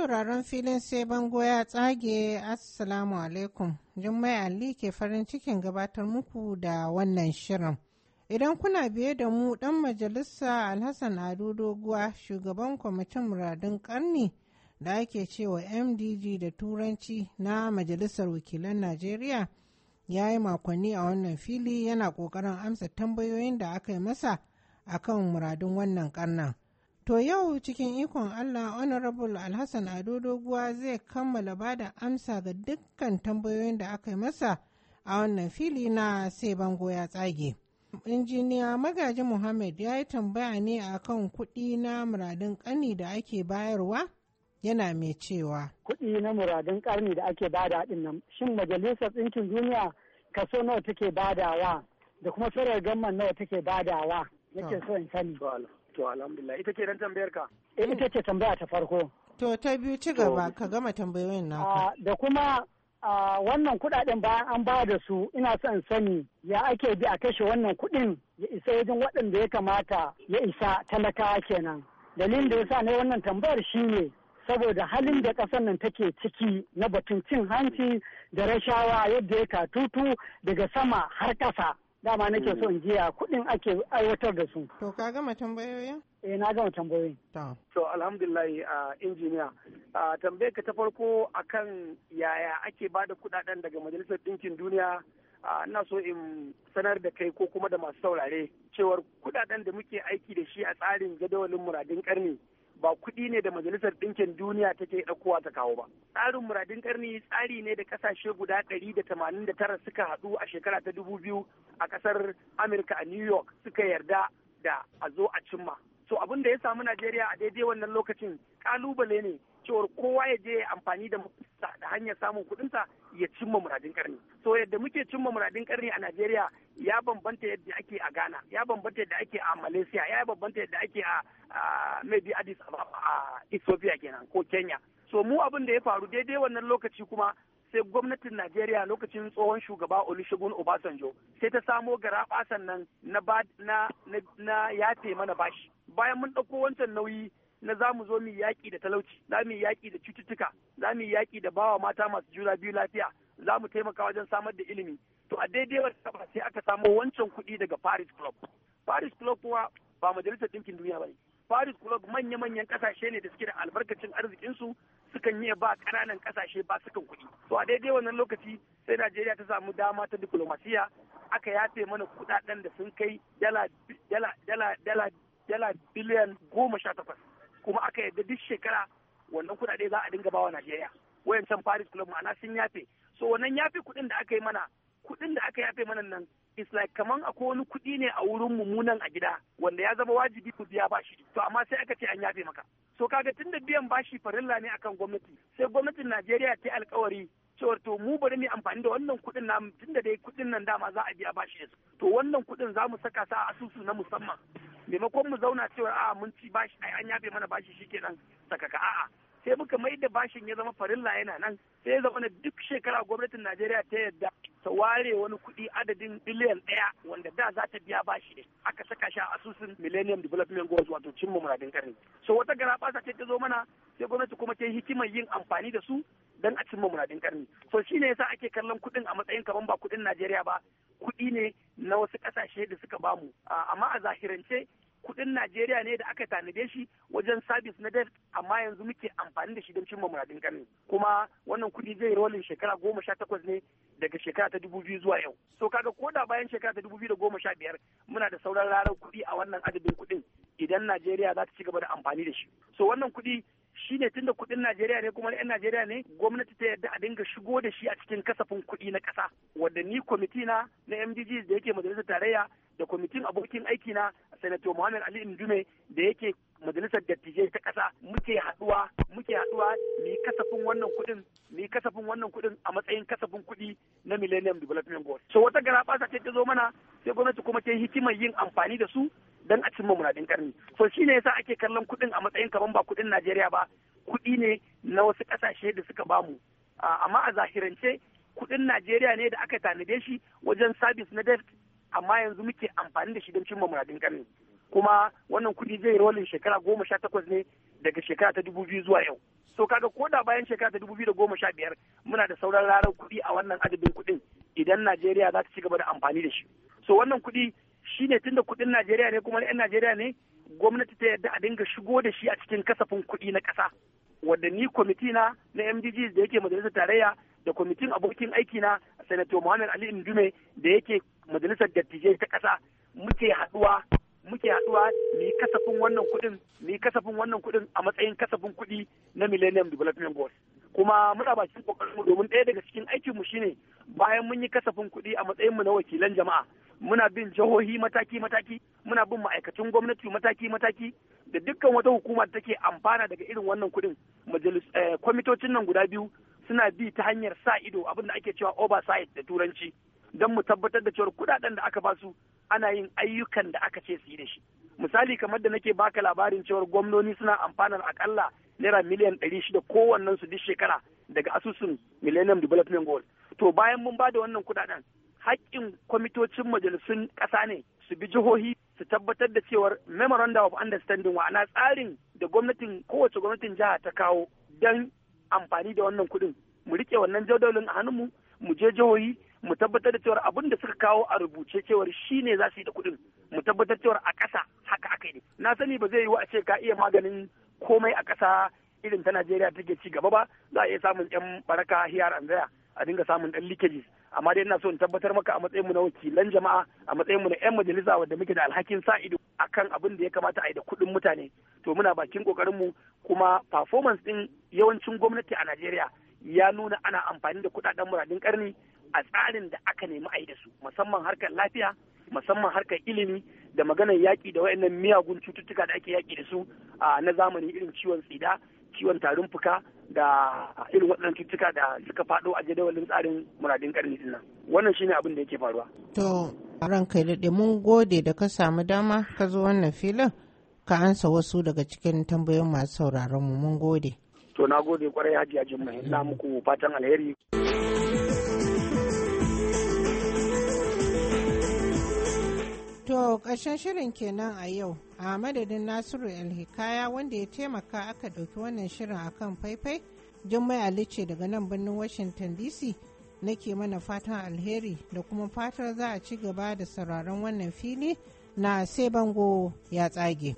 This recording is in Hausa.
sauraron filin sai bango ya tsage assalamu alaikum jummai ali ke farin cikin gabatar muku da wannan shirin idan kuna biye da mu dan majalisa alhassan ado doguwa shugaban kwamitin muradun karni da ake cewa mdg da turanci na majalisar wakilan najeriya ya yi makonni a wannan fili yana kokarin amsa tambayoyin da aka yi masa akan muradun wannan karnan To yau cikin ikon Allah Honorable Alhassan Ado Doguwa zai kammala ba da amsa ga dukkan tambayoyin da aka yi masa a wannan fili na sai bango ya tsage. Injiniya Magaji Muhammad ya yi tambaya ne a kan kuɗi na muradin ƙani da ake bayarwa yana mai cewa. Kuɗi na muradin ƙarni da ake bada ɗin nan, shin Majalisar Ɗinkin Duniya kaso nawa take badawa da kuma sarar gamman nawa take badawa yake so in sani. To alhamdulillah ita ce dan tambayar ka. Eh, ita ce tambaya ta farko. To ta biyu ci gaba ka gama tambayoyin ah, naka. Da kuma ah, wannan kuɗaɗen bayan an ba da su ina son sani ya ake bi a kashe wannan kuɗin ya isa wajen waɗanda ya kamata ya isa talakawa kenan. Dalilin da ya sa na wannan tambayar shine saboda halin da ƙasar nan take ciki na batun cin hanci da rashawa yadda ya katutu daga sama har ƙasa. dama nake so in mm. jiya kuɗin ake aiwatar da su. To ka gama tambayoyin? Eh na gama tambayoyin. To alhamdulillah a injiniya a tambayar ka ta farko akan yaya ake ba da kuɗaɗen daga majalisar ɗinkin duniya ina so in sanar da kai ko kuma da masu saurare cewar kuɗaɗen da muke aiki da shi a tsarin jadawalin muradin karni. ba kuɗi ne da majalisar ɗinkin duniya take ɗaukowa ta kawo ba. Tsarin muradin ƙarni tsari ne da ƙasashe guda ɗari da tamanin da tara suka haɗu a shekara ta dubu biyu a ƙasar Amurka a New York suka yarda da a zo a cimma. So abin da ya samu Najeriya a daidai wannan lokacin ƙalubale ne cewar kowa ya je amfani da da hanyar samun kuɗinsa ya cimma muradin ƙarni. So yadda muke cimma muradin ƙarni a Najeriya ya bambanta yadda ake a Ghana, ya bambanta yadda ake a Malaysia, ya bambanta yadda ake a bi Addis Ababa a Ethiopia kenan ko Kenya so mu abin da ya faru daidai wannan lokaci kuma sai gwamnatin Najeriya lokacin tsohon shugaba Olusegun Obasanjo sai ta samo garaɓasan nan na na na yafe mana bashi bayan mun ɗauko wancan nauyi na za mu zo mu yaƙi da talauci za mu yaƙi da cututtuka za mu yaƙi da bawa mata masu juna biyu lafiya za mu taimaka wajen samar da ilimi to a daidai wata ba sai aka samo wancan kuɗi daga Paris Club Paris Club kuwa ba majalisar ɗinkin duniya ba ne Paris Club manya-manyan kasashe ne da suke da albarkacin arzikinsu sukan yi ba ƙananan kasashe ba sukan kuɗi. To a daidai wannan lokaci sai Najeriya ta samu dama ta diplomasiya aka yafe mana kuɗaɗen da sun kai dala biliyan goma sha takwas kuma aka yarda duk shekara wannan kuɗaɗe za a dinga bawa Najeriya. Wayancan Paris Club ma'ana sun yafe. So wannan yafe kuɗin da aka yi mana kuɗin da aka yafe mana nan it's like kaman akwai wani kuɗi ne a wurin mummunan a gida wanda ya zama wajibi ku biya bashi to amma sai aka ce an yafe maka so kaga tunda biyan bashi farilla ne akan gwamnati sai gwamnatin Najeriya ta alkawari cewar to mu bari mu amfani da wannan kuɗin na tunda dai kuɗin nan dama za a biya bashi to wannan kuɗin za mu saka sa a asusu na musamman maimakon mu zauna cewa a mun ci bashi ai an yafe mana bashi shikenan sakaka a'a sai muka mai da bashin ya zama farilla yana nan sai ya zama duk shekara gwamnatin Najeriya ta yadda ta ware wani kuɗi adadin biliyan ɗaya wanda da za ta biya bashi ne aka saka shi a asusun millennium development goals wato cimma muradin ƙarni so wata gara ɓasa ce ta zo mana sai gwamnati kuma ta yi hikimar yin amfani da su don a cimma muradin ƙarni so shine yasa ake kallon kuɗin a matsayin kaman ba kuɗin najeriya ba kuɗi ne na wasu ƙasashe da suka bamu amma a zahirance kuɗin Najeriya ne da aka tanade shi wajen sabis na debt amma yanzu muke amfani da shi don cimma muradin ƙarni kuma wannan kuɗi zai rolin shekara goma sha takwas ne daga shekara ta dubu biyu zuwa yau so kaga ko da bayan shekara ta dubu biyu da goma sha biyar muna da sauran rarar kuɗi a wannan adadin kuɗin idan najeriya za ta ci gaba da amfani da shi so wannan kuɗi shi shine da kuɗin Najeriya ne kuma 'yan Najeriya ne gwamnati ta yarda a dinga shigo da shi a cikin kasafin kuɗi na ƙasa wanda ni kwamiti na na MDG da yake majalisar tarayya da kwamitin abokin aiki na Sanato Muhammad Ali Indume da yake majalisar dattijai ta ƙasa muke haɗuwa muke haɗuwa mu kasafin wannan kuɗin mu kasafin wannan kuɗin a matsayin kasafin kuɗi na Millennium Development Goals. So wata gara ce ta zo mana sai gwamnati kuma ta yi hikimar yin amfani da su don a cimma muradin karni. So shi ne yasa ake kallon kuɗin a matsayin kaman ba kuɗin Najeriya ba kuɗi ne na wasu ƙasashe da suka bamu. Amma a zahirance kuɗin Najeriya ne da aka tanade shi wajen sabis na debt amma yanzu muke amfani da shi don cimma muradin karni. kuma wannan kuɗi zai rolin shekara goma sha takwas ne daga shekara ta dubu biyu zuwa yau so kaga ko da bayan shekara ta dubu biyu da goma sha biyar muna da sauran rarar kuɗi a wannan adadin kuɗin idan najeriya za ta ci gaba da amfani da shi so wannan kuɗi shine da kuɗin najeriya ne kuma 'yan najeriya ne gwamnati ta yarda a dinga shigo da shi a cikin kasafin kuɗi na ƙasa wanda ni kwamiti na na mdg da yake majalisar tarayya da kwamitin abokin aiki na sanato muhammad ali ndume da yake majalisar dattijai ta ƙasa muke haɗuwa muke haɗuwa mu kasafin wannan kuɗin mu kasafin wannan kuɗin a matsayin kasafin kuɗi na Millennium Development Goals. Kuma muna bakin kokarin mu domin ɗaya daga cikin aikin mu shine bayan mun yi kasafin kuɗi a matsayin mu na wakilan jama'a muna bin jihohi mataki-mataki muna bin ma'aikatan gwamnati mataki-mataki da dukkan wata hukuma da take amfana daga irin wannan kuɗin majalis eh, kwamitocin nan guda biyu suna bi ta hanyar sa ido abin da ake cewa oversight da turanci don mu tabbatar da cewar kuɗaɗen da aka basu ana yin ayyukan da aka ce su yi da shi misali kamar da nake baka labarin cewar gwamnoni suna amfanar akalla naira miliyan ɗari shida kowannen su duk shekara daga asusun millennium development goal to bayan mun bada wannan kudaden haƙƙin kwamitocin majalisun ƙasa ne su bi jihohi su tabbatar da cewar memorandum of understanding wa'ana tsarin da gwamnatin kowace gwamnatin jiha ta kawo don amfani da wannan kuɗin mu riƙe wannan jadawalin a hannunmu mu je jihohi mu tabbatar da cewar abin da suka kawo a rubuce cewar shi ne za su yi da kuɗin mu tabbatar cewar a ƙasa haka aka yi na sani ba zai yiwu a ce ka iya maganin komai a ƙasa irin ta Najeriya take ci gaba ba za a iya samun yan baraka hiyar anzaya a dinga samun ɗan leakages amma dai ina so in tabbatar maka a matsayin mu na wakilan jama'a a matsayin mu na yan majalisa wanda muke da alhakin sa ido akan abin da ya kamata a yi da kuɗin mutane to muna bakin kokarin mu kuma performance din yawancin gwamnati a Najeriya ya nuna ana amfani da kuɗaɗen muradin karni a tsarin da aka nemi a yi da su musamman harkar lafiya musamman harkar ilimi da maganar yaƙi da waɗannan miyagun cututtuka da ake yaƙi da su na zamani irin ciwon tsida ciwon tarin fuka da irin waɗannan cututtuka da suka faɗo a jadawalin tsarin muradin ƙarni din nan wannan shine abin da yake faruwa to ran kai daɗe mun gode da ka samu dama ka zo wannan filin ka ansa wasu daga cikin tambayoyin masu sauraron mu mun gode to na gode kwarai hajiya jimma ina muku fatan alheri To ƙarshen shirin kenan a yau a madadin Nasiru Alhikaya wanda ya taimaka aka ɗauki wannan shirin akan faifai Jummai Ali ce daga nan birnin Washington DC nake mana fatan alheri da kuma fatar za a ci gaba da sauraron wannan fili na sai bango ya tsage.